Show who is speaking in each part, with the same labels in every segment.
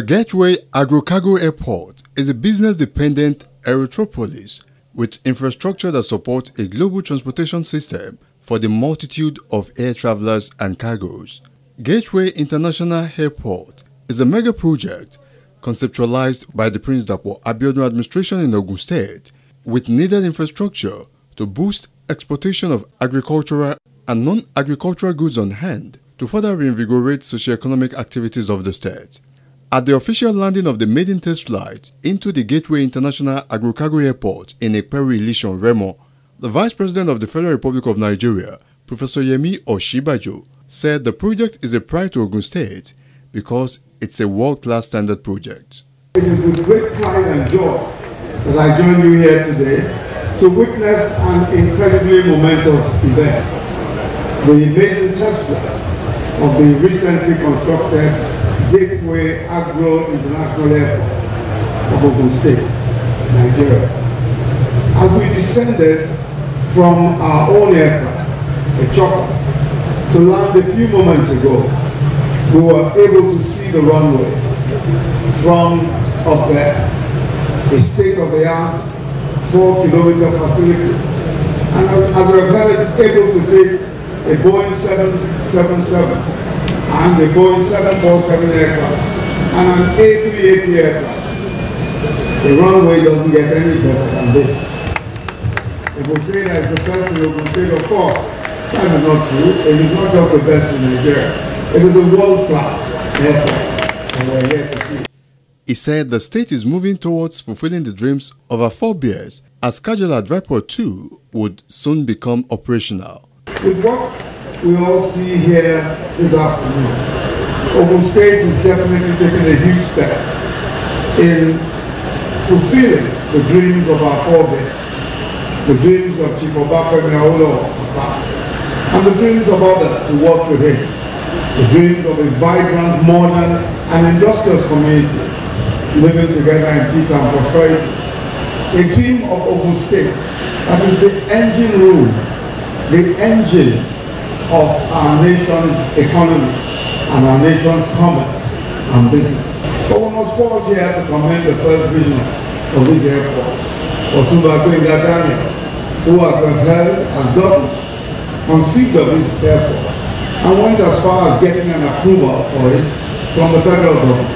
Speaker 1: The Gateway Agrocargo Airport is a business-dependent aerotropolis with infrastructure that supports a global transportation system for the multitude of air travelers and cargoes. Gateway International Airport is a mega project conceptualized by the Prince Dapo Abiodun administration in Ogun State with needed infrastructure to boost exportation of agricultural and non-agricultural goods on hand to further reinvigorate socio-economic activities of the state. At the official landing of the maiden test flight into the Gateway International Cargo Airport in Ekperi Ilishan Remo, the Vice President of the Federal Republic of Nigeria, Professor Yemi Oshibajo, said the project is a pride to Ogun State because it's a world-class standard project.
Speaker 2: It is with great pride and joy that I join you here today to witness an incredibly momentous event, the maiden test flight of the recently constructed Gateway Agro International Airport of Ogun State, Nigeria. As we descended from our own aircraft, a chopper, to land a few moments ago, we were able to see the runway from up there, a state-of-the-art four-kilometer facility. And as we were able to take a Boeing 777 and the Boeing 747 aircraft and an A380 aircraft. The runway doesn't get any better than this. If we say that it's the best in Ogun State, of course, that is not true. It is not just the best in Nigeria. It is a world-class airport, and we're here
Speaker 1: to see. He said the state is moving towards fulfilling the dreams of our forebears as Kajala Dreadport 2 would soon become operational.
Speaker 2: With what we all see here this afternoon. Ogun State is definitely taking a huge step in fulfilling the dreams of our forebears, the dreams of Chief Obaka Miaolo and the dreams of others who worked with him, the dreams of a vibrant, modern, and industrious community living together in peace and prosperity. A dream of Ogun State that is the engine room, the engine of our nation's economy and our nation's commerce and business. But we must pause here to commend the first visionary of this airport, Otumba Koinga who has referred as governor, on seat of this airport and went as far as getting an approval for it from the federal government.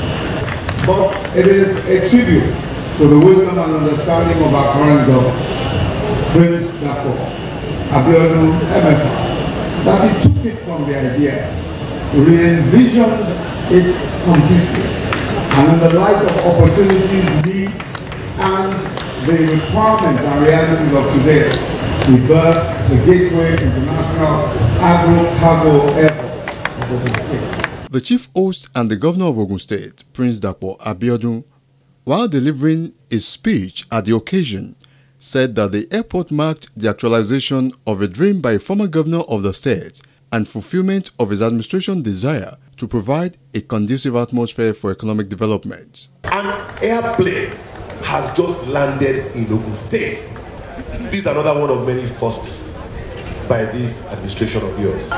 Speaker 2: But it is a tribute to the wisdom and understanding of our current governor, Prince Dako, Abiodun MFR, that he took it from the idea, re-envisioned it completely, and in the light of opportunities, needs, and the requirements and realities of today, he birthed the Gateway International Agro-Cargo
Speaker 1: Airport of Ogun State. The chief host and the governor of Ogun State, Prince Dapo Abiodun, while delivering his speech at the occasion, said that the airport marked the actualization of a dream by a former governor of the state and fulfillment of his administration desire to provide a conducive atmosphere for economic development.
Speaker 3: An airplane has just landed in Ogun State. This is another one of many firsts by this administration of yours.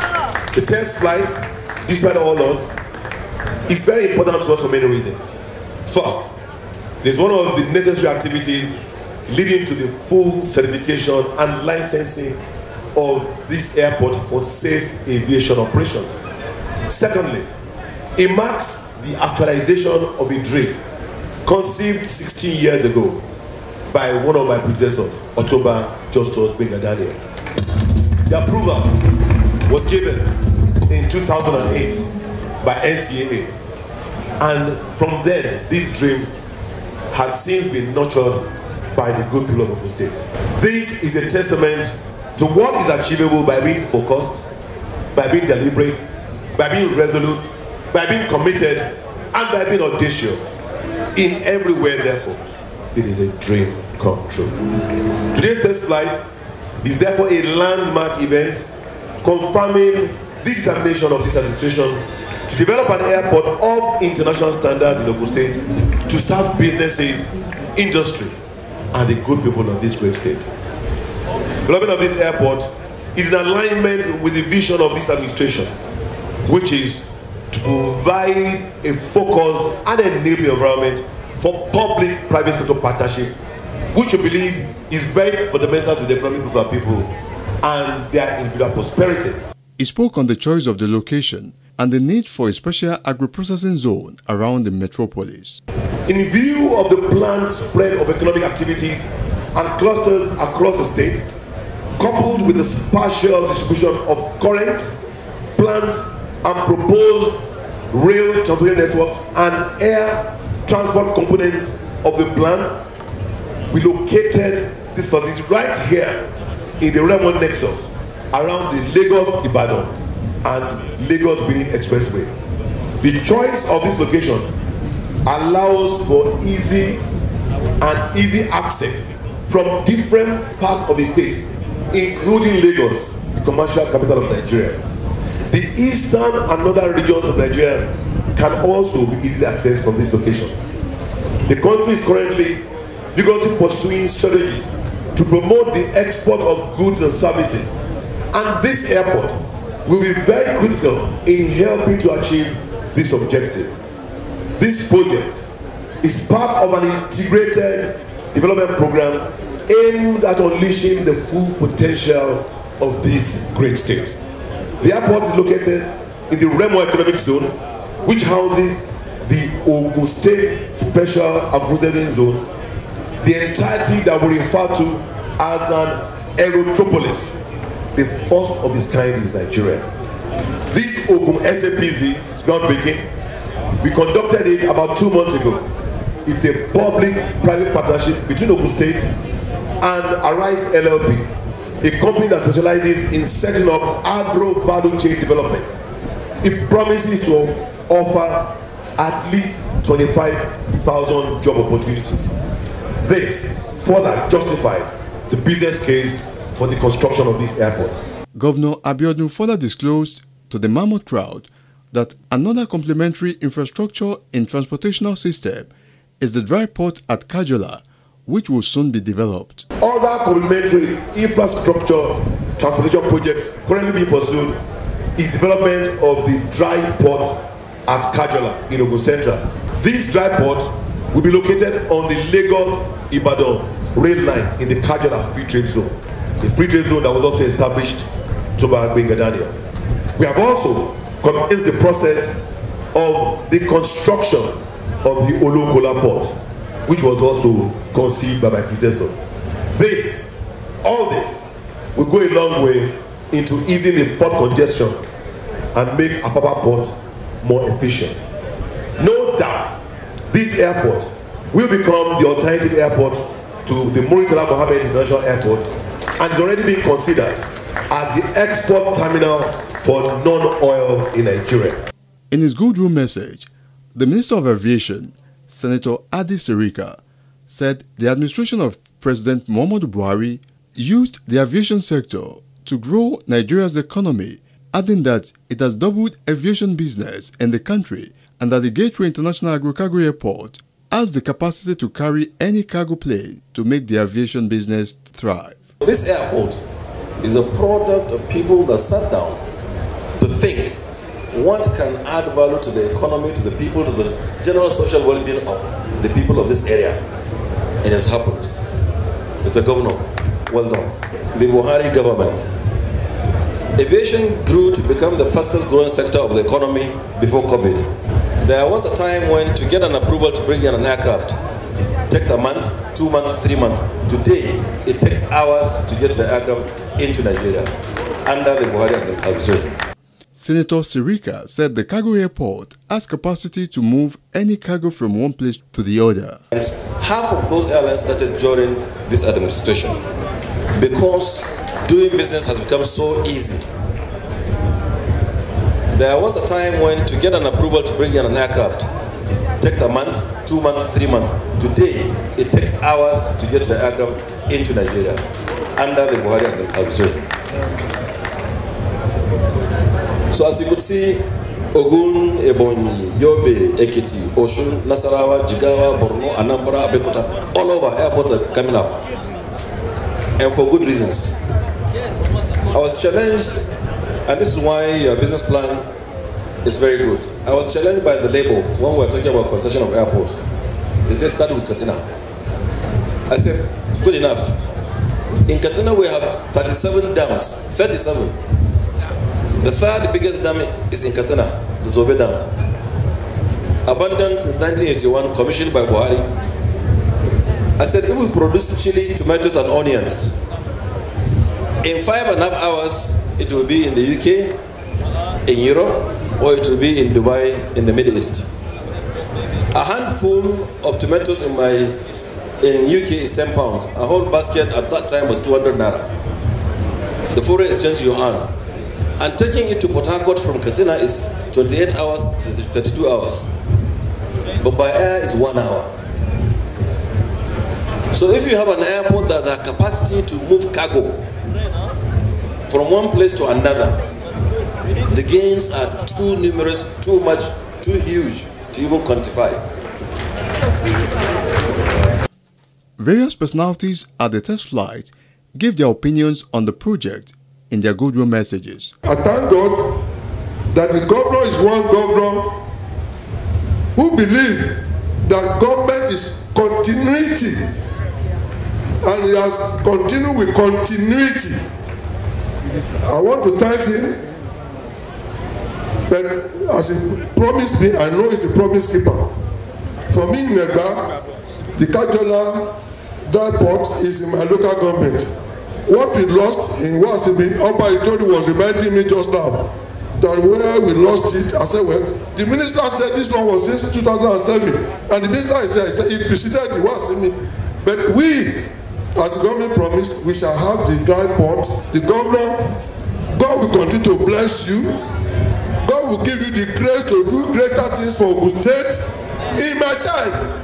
Speaker 3: The test flight, despite all odds, is very important to us for many reasons. First, it is one of the necessary activities leading to the full certification and licensing of this airport for safe aviation operations. Secondly, it marks the actualization of a dream conceived 16 years ago by one of my predecessors, October Justus Wenger Daniel. The approval was given in 2008 by NCAA, and from then, this dream has since been nurtured by the good people of Ogun State. This is a testament to what is achievable by being focused, by being deliberate, by being resolute, by being committed, and by being audacious. In everywhere, therefore, it is a dream come true. Today's test flight is therefore a landmark event confirming the determination of this administration to develop an airport of international standards in Ogun State to serve businesses, industry, and the good people of this great state. Development of this airport is in alignment with the vision of this administration, which is to provide a focus and a enabling environment for public-private sector partnership, which we believe is very fundamental to the economic growth of our people and their individual prosperity.
Speaker 1: He spoke on the choice of the location and the need for a special agro-processing zone around the metropolis.
Speaker 3: In view of the planned spread of economic activities and clusters across the state, coupled with the spatial distribution of current, planned and proposed rail transportation networks and air transport components of the plan, we located this facility right here in the Ramon Nexus around the Lagos-Ibadan and Lagos Benin Expressway. The choice of this location allows for easy and easy access from different parts of the state, including Lagos, the commercial capital of Nigeria. The eastern and northern regions of Nigeria can also be easily accessed from this location. The country is currently vigorously pursuing strategies to promote the export of goods and services, and this airport will be very critical in helping to achieve this objective. This project is part of an integrated development program aimed at unleashing the full potential of this great state. The airport is located in the Remo Economic Zone, which houses the Ogo State Special processing Zone, the entirety that we refer to as an aerotropolis the first of its kind is Nigeria. This Ogun SAPZ is not breaking. We conducted it about two months ago. It's a public-private partnership between Ogun State and Arise LLP, a company that specializes in setting up agro value chain development. It promises to offer at least 25,000 job opportunities. This further justifies the business case for the construction of this airport.
Speaker 1: Governor Abiodun further disclosed to the mammoth crowd that another complementary infrastructure and transportational system is the dry port at Kajola, which will soon be developed.
Speaker 3: Other complementary infrastructure transportation projects currently being pursued is development of the dry port at Kajola in Ogun Central. This dry port will be located on the Lagos-Ibadan rail line in the Kajola Free Trade Zone the free trade zone that was also established to Tobago Daniel. We have also commenced the process of the construction of the Olokola port, which was also conceived by my predecessor. This, all this, will go a long way into easing the port congestion and make Apapa port more efficient. No doubt, this airport will become the alternative airport to the Muritala Mohammed International Airport and is already being considered as the export terminal for non-oil
Speaker 1: in Nigeria. In his goodwill message, the Minister of Aviation, Senator Adi Sirika, said the administration of President Muhammadu Buhari used the aviation sector to grow Nigeria's economy, adding that it has doubled aviation business in the country and that the Gateway International Agrocargo Airport has the capacity to carry any cargo plane to make the aviation business thrive.
Speaker 4: This airport is a product of people that sat down to think what can add value to the economy, to the people, to the general social well-being of the people of this area. It has happened. Mr. Governor, well done. The Buhari government. Aviation grew to become the fastest growing sector of the economy before COVID. There was a time when to get an approval to bring in an aircraft, takes a month, two months, three months. Today, it takes hours to get the aircraft into Nigeria under the Buhari administration.
Speaker 1: Senator Sirika said the cargo airport has capacity to move any cargo from one place to the other.
Speaker 4: And half of those airlines started during this administration because doing business has become so easy. There was a time when to get an approval to bring in an aircraft, takes a month, two months, three months. Today, it takes hours to get the aircraft into Nigeria under the Buhari administration. So as you could see, Ogun, Ebonyi, Yobe, Ekiti, Oshun, Nasarawa, Jigawa, Borno, Anambra, Abekota, all over airports are coming up. And for good reasons. I was challenged, and this is why your business plan it's very good. I was challenged by the label when we were talking about concession of airport. They said start with Katina. I said, good enough. In Katina we have 37 dams, 37. The third biggest dam is in Katina, the Zobe Dam. Abandoned since 1981, commissioned by Buhari. I said, if we produce chili, tomatoes and onions, in five and a half hours, it will be in the UK, in Europe, or it will be in Dubai in the Middle East. A handful of tomatoes in my in UK is 10 pounds. A whole basket at that time was 200 naira. The foreign exchange you earn. And taking it to Port Harcourt from Kasina is 28 hours, 32 hours. But by air is one hour. So if you have an airport that has capacity to move cargo from one place to another, the gains are too numerous, too much, too huge to even quantify.
Speaker 1: Various personalities at the test flight give their opinions on the project in their goodwill messages.
Speaker 5: I thank God that the governor is one governor who believes that government is continuity and he has continued with continuity. I want to thank him But as a promise me, I know he's a promise keeper. For me, Negba, the Kajola dry port is in my local government. What we lost in Wasibi, Oba Itori was reminding me just now that where we lost it, I said, well, the minister said this one was since 2007. And the minister is there, he said, he preceded the Wasimi. But we, as the government promise we shall have the dry port. The governor, God will continue to bless you God will give you the grace to do greater things for Ogun State in my time.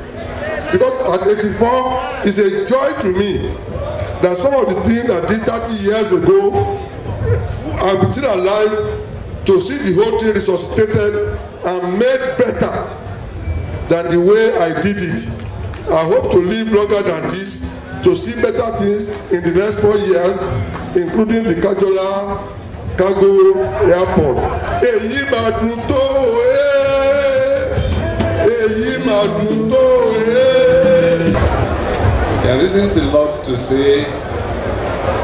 Speaker 5: Because at 84, it's a joy to me that some of the things I did 30 years ago, I'm still alive to see the whole thing resuscitated and made better than the way I did it. I hope to live longer than this to see better things in the next four years, including the Kajola Cargo Airport. Èyí máa dùn tó eh. tó. Eh.
Speaker 6: There isn't a lot to say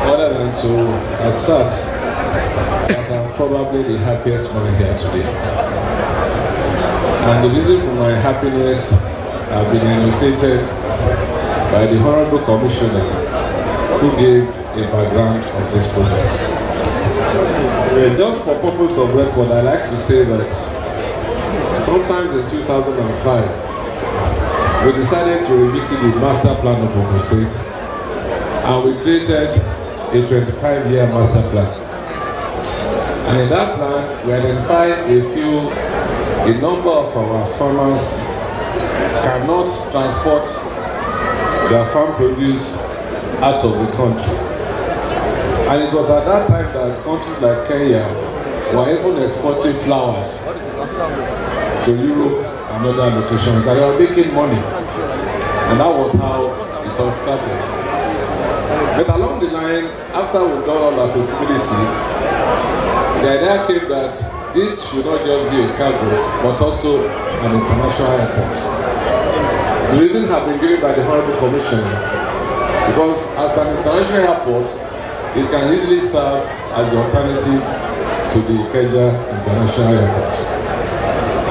Speaker 6: other than to assert that I'm probably the happiest man here today. And the reason for my happiness has been enunciated by the Honorable Commissioner who gave a background of this project. Yeah, just for purpose of record, I like to say that sometimes in 2005, we decided to revisit the master plan of Ogun State and we created a 25-year master plan. And in that plan, we identified a few, a number of our farmers cannot transport their farm produce out of the country. And it was at that time that countries like Kenya were even exporting flowers to Europe and other locations. And they were making money. And that was how it all started. But along the line, after we've done all our feasibility, the idea came that this should not just be a cargo, but also an international airport. The reason had been given by the Honorable Commission because as an international airport, It can easily serve as the alternative to the Ikeja International Airport.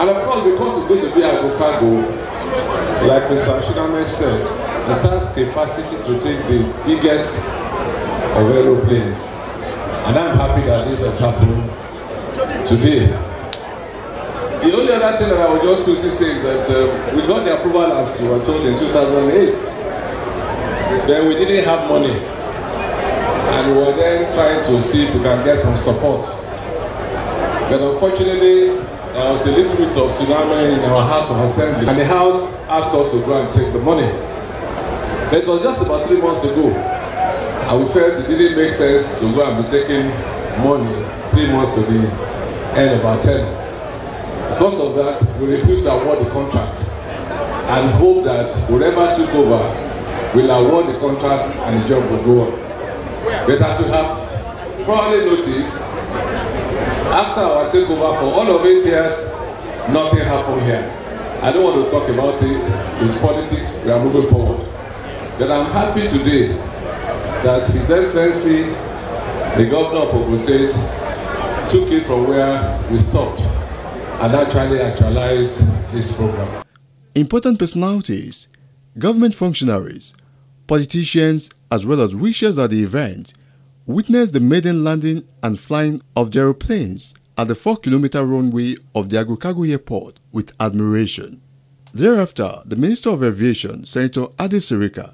Speaker 6: And of course, because it's going to be Agokago, like Mr. Ashiname said, it has capacity to take the biggest of aeroplanes. And I'm happy that this has happened today. The only other thing that I would just quickly say is that uh, we got the approval as you were told in 2008. Then we didn't have money. and we were then trying to see if we can get some support. But unfortunately, there was a little bit of tsunami in our House of Assembly, and the House asked us to go and take the money. But it was just about three months ago, and we felt it didn't make sense to go and be taking money three months to the end of our term. Because of that, we refused to award the contract and hope that whoever took over will award the contract and the job will go on. But as you have probably noticed, after our takeover for all of eight years, nothing happened here. I don't want to talk about it. It's politics. We are moving forward. But I'm happy today that His Excellency, the Governor of Ogun State, took it from where we stopped
Speaker 1: and actually actualized this program. Important personalities, government functionaries, politicians, as well as wishes at the event, witnessed the maiden landing and flying of the aeroplanes at the 4-kilometer runway of the Agokago Airport with admiration. Thereafter, the Minister of Aviation, Senator Adi Sirika,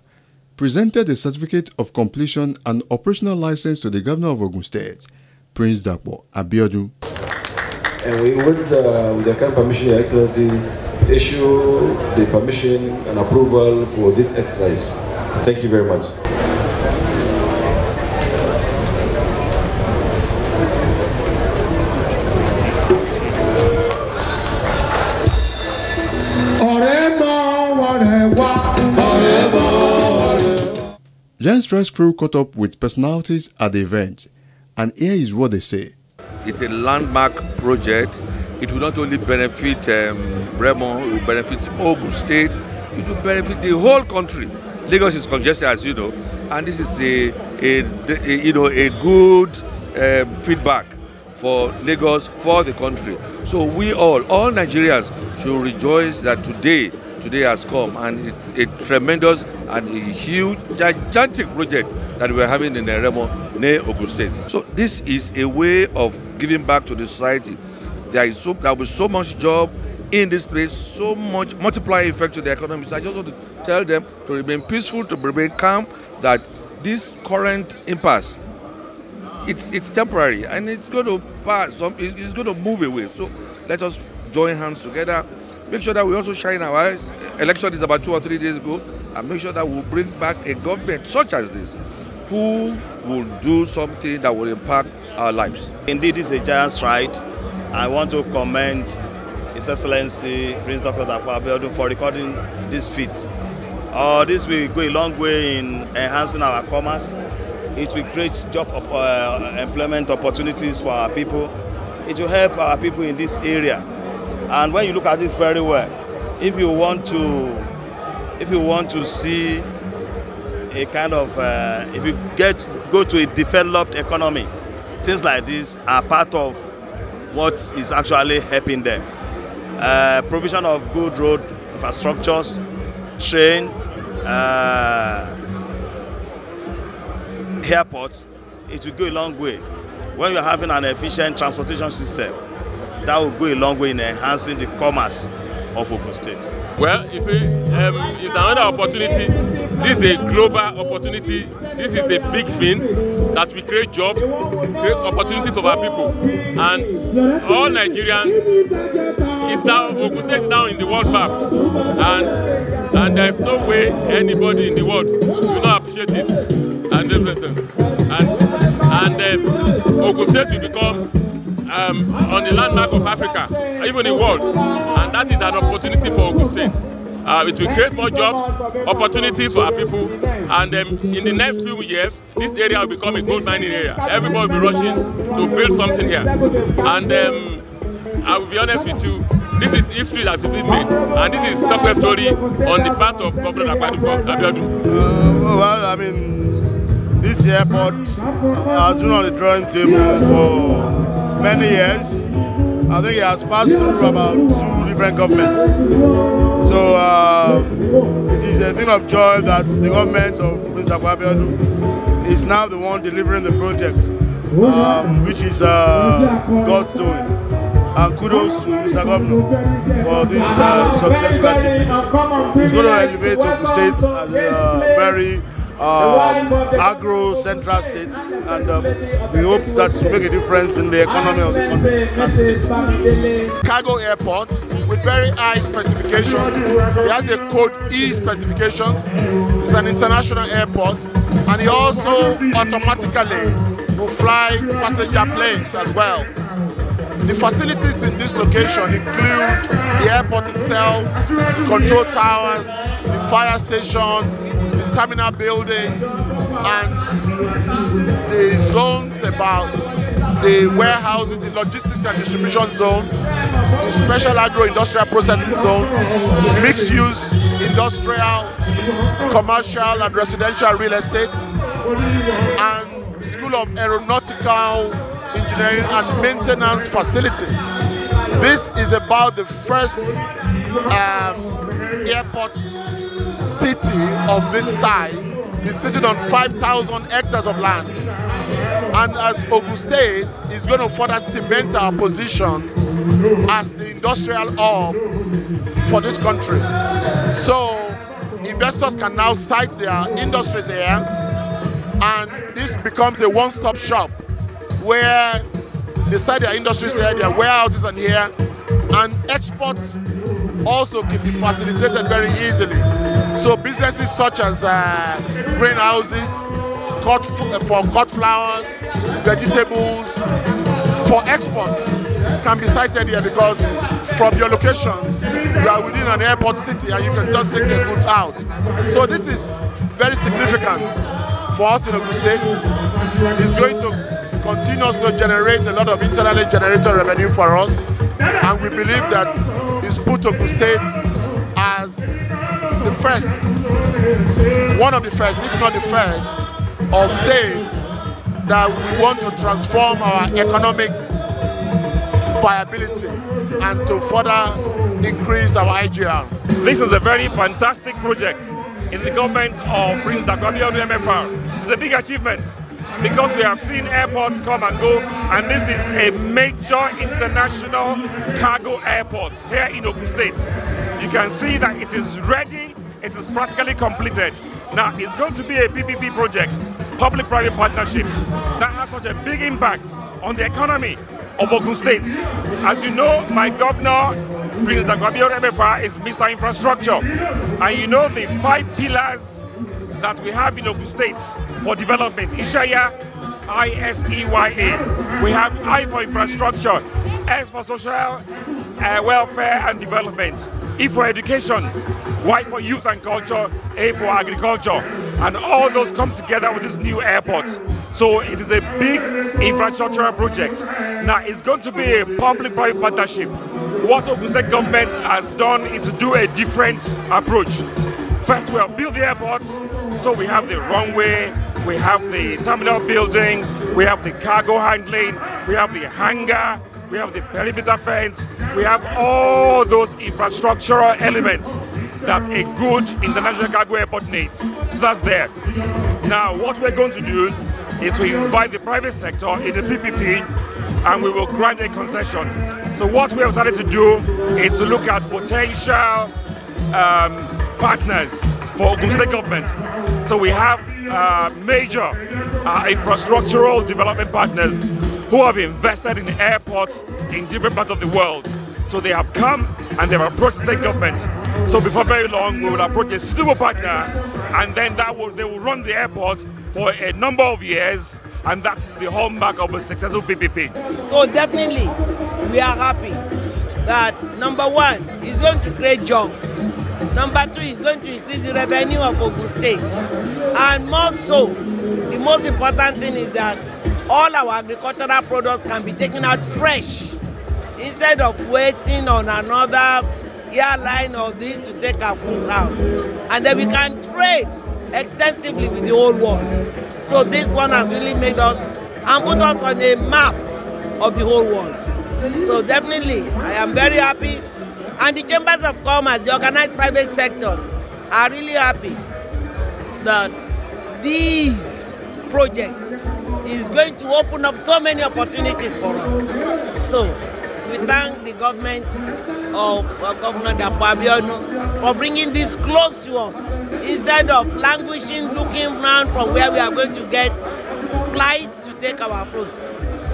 Speaker 1: presented a certificate of completion and operational license to the Governor of Ogun State, Prince Dapo Abiodun.
Speaker 4: And we would, uh, with your kind permission, Your Excellency, issue the permission and approval for this exercise. Thank you very much.
Speaker 1: stress crew caught up with personalities at the event, and here is what they say.
Speaker 7: It's a landmark project. It will not only benefit um, it will benefit Ogun State, it will benefit the whole country. Lagos is congested, as you know, and this is a, a, a you know a good um, feedback for Lagos, for the country. So we all, all Nigerians, should rejoice that today, today has come, and it's a tremendous and a huge, gigantic project that we're having in Remo, near Ogun State. So this is a way of giving back to the society. There is so, there will be so much job in this place, so much multiplier effect to the economy. So I just want to tell them to remain peaceful, to remain calm, that this current impasse, it's, it's temporary and it's going to pass, it's, it's going to move away. So let us join hands together. Make sure that we also shine our eyes. Election is about two or three days ago. and make sure that we bring back a government such as this who will do something that will impact our lives. Indeed, this is a giant stride. I want to
Speaker 3: commend His Excellency Prince Dr. Dapo for recording this feat. Uh, this will go a long way in enhancing our commerce. It will create job op uh, employment opportunities for our people. It will help our people in this area. And when you look at it very well, if you want to if you want to see a kind of uh, if you get go to a developed economy things like this are part of what is actually helping them uh, provision of good road infrastructures train uh, airports it will go a long way when you're having an efficient transportation system that will go
Speaker 8: a long way in enhancing the commerce of Ogun State. Well, you see, um, it's another opportunity. This is a global opportunity. This is a big thing that we create jobs, create opportunities for our people. And all
Speaker 6: Nigerians
Speaker 8: is now Ogun State is now in the world map. And and there's no way anybody in the world will not appreciate it and everything. And and um, Ogun State will become um, on the landmark of Africa, even the world. And that is an opportunity for Ogun State. Uh, it will create more jobs, opportunities for our people, and um, in the next few years, this area will become a gold mining area. Everybody will be rushing to build something here. And um, I will be honest with you, this is history that has been made, and this is success story on the part of Governor Akpaduko Abiodun.
Speaker 9: Uh, well, I mean, this airport has been on the drawing table for many years. I think he has passed through about two different governments. So uh, it is a thing of joy that the government of Mr. Kwabiadu is now the one delivering the project, um, which is uh, God's doing. And kudos to Mr. Governor for this uh, successful achievement. He's going to elevate Oku State as a very agro central states, and um, we hope that to make a difference in the economy of the country. Cargo airport with very high specifications. It has a code E specifications. It's an international airport, and it also automatically will fly passenger planes as well. The facilities in this location include the airport itself, the control towers, the fire station, terminal building and the zones about the warehouses, the logistics and distribution zone, the special agro-industrial processing zone, mixed-use industrial, commercial and residential real estate, and School of Aeronautical Engineering and Maintenance Facility. This is about the first um, airport city of this size is sitting on 5,000 hectares of land. And as Ogun State is going to further cement our position as the industrial hub for this country. So investors can now site their industries here and this becomes a one-stop shop where they site their industries here, their warehouses and here, and exports also can be facilitated very easily. So businesses such as uh, greenhouses, cut uh, for cut flowers, vegetables, for exports, can be sited here because from your location, you are within an airport city and you can just take your goods out. So this is very significant for us in Ogun State. It's going to continuously generate a lot of internally generated revenue for us and we believe that it's put Ogun State as the first, one of the first, if not the first, of states that we want to transform our economic viability
Speaker 10: and to further increase our IGR. This is a very fantastic project in the government of Prince Dagodio MFR. It's a big achievement because we have seen airports come and go and this is a major international cargo airport here in Ogun State. You can see that it is ready, it is practically completed. Now, it's going to be a PPP project, public-private partnership, that has such a big impact on the economy of Ogun State. As you know, my governor, Prince Dagwabio Rebefa, is Mr. Infrastructure. And you know the five pillars that we have in Ogun State for development. Ishaya, I-S-E-Y-A. We have I for infrastructure, S for social uh, welfare and development. E for education, Y for youth and culture, A for agriculture. And all those come together with this new airport. So it is a big infrastructural project. Now it's going to be a public-private partnership. What the State government has done is to do a different approach. First, we have built the airport, so we have the runway, we have the terminal building, we have the cargo handling, we have the hangar, we have the perimeter fence, we have all those infrastructural elements that a good international cargo airport needs. So that's there. Now, what we're going to do is to invite the private sector in the PPP and we will grant a concession. So what we have started to do is to look at potential um, partners for Ogun State government. So we have uh, major uh, infrastructural development partners who have invested in airports in different parts of the world. So they have come and they've approached the state government. So before very long, we will approach a suitable partner and then that will, they will run the airport for a number of years and that is the hallmark of a successful PPP. So definitely,
Speaker 11: we are happy that number one, is going to create jobs. Number two, is going to increase the revenue of Ogun State. And more so, the most important thing is that all our agricultural products can be taken out fresh instead of waiting on another airline or this to take our food out. And then we can trade extensively with the whole world. So this one has really made us and put us on a map of the whole world. So definitely, I am very happy. And the chambers of commerce, the organized private sectors, are really happy that these projects is going to open up so many opportunities for us. So we thank the government of uh, Governor Dapabiono for bringing this close to us instead of languishing, looking around from where we are going to get flights to take our food,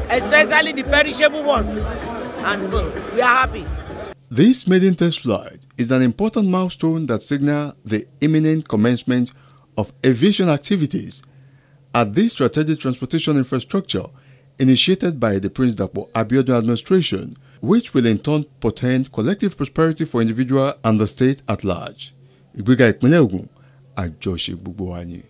Speaker 11: especially the perishable ones. And so we are happy.
Speaker 1: This maiden test flight is an important milestone that signals the imminent commencement of aviation activities at this strategic transportation infrastructure initiated by the Prince Dapo Abiodun administration, which will in turn portend collective prosperity for individual and the state at large. Ìgbéga ìpínlẹ̀ Ògùn àjọṣe gbogbo wa ni.